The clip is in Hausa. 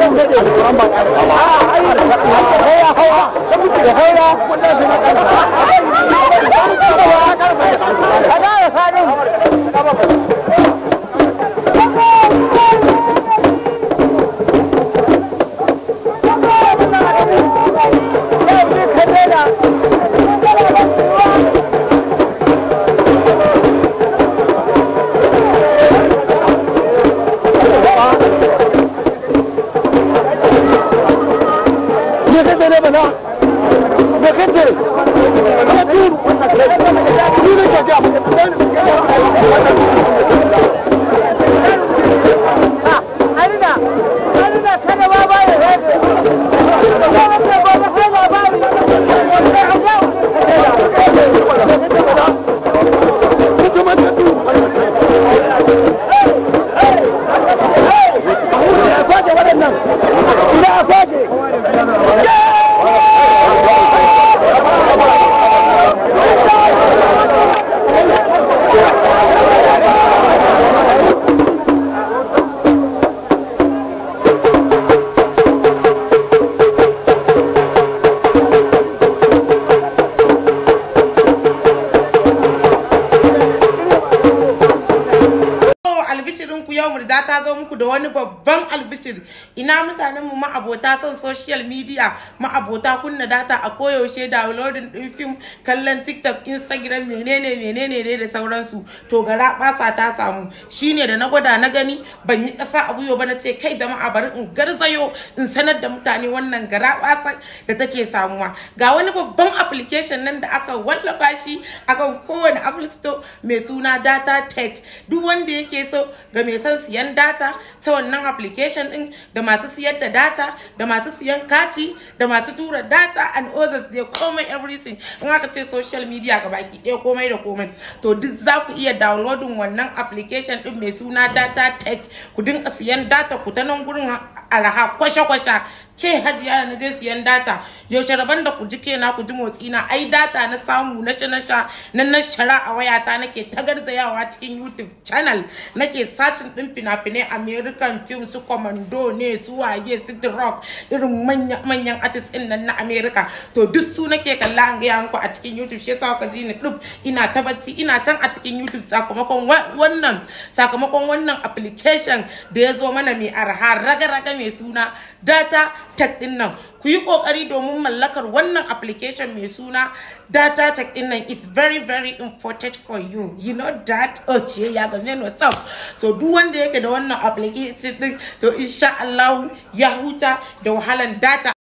zan daɗe an ba ƙari a ai da hawa hawa da hawa ɗinku yau murda ta zo muku da wani babban albishir ina mutanen mu ma'abota son social media ma'abota kunna data a koyaushe downloading ɗin fim kallon tiktok instagram menene menene dai da sauransu to gara ɓasa ta samu shine da na gwada na gani ban yi ƙasa a gwiwa ba na ce kai jama'a bari in garzayo in sanar da mutane wannan gara ɓasa da take samuwa ga wani babban application nan da aka wallafa shi akan kowane apple store mai suna data tech duk wanda yake so ga mai son siyan data ta wannan application din da masu siyar da data da masu siyan kati da masu tura data and others de komai everything in aka ce social media ga baki ɗaya komai da komai to duk za ku iya downloadin wannan application din mai suna data tech ku dinga siyan data ku ta nan gurin araha kwasha-kwasha ke hadiya na je siyan data yaushe rabon da ku ji kena ku ji motsi na ai data na samu na sha na shara a wayata nake ta garzayawa cikin youtube channel nake satin din fina-finai american film su commando ne su waye su the rock irin manyan manyan artist din nan na america to duk su nake kalla an gaya yanku a cikin youtube shi yasa ka ji ni dub ina ta bacci ina can a cikin youtube sakamakon wannan sakamakon wannan application da ya zo mana mai arha raga-raga mai suna data tech din nan ku yi kokari domin mallakar wannan application mai suna data tech din nan it's very very important for you you know that okay oh, ya ga ne what's so duk wanda yake da wannan application din to insha Allah ya huta da wahalan data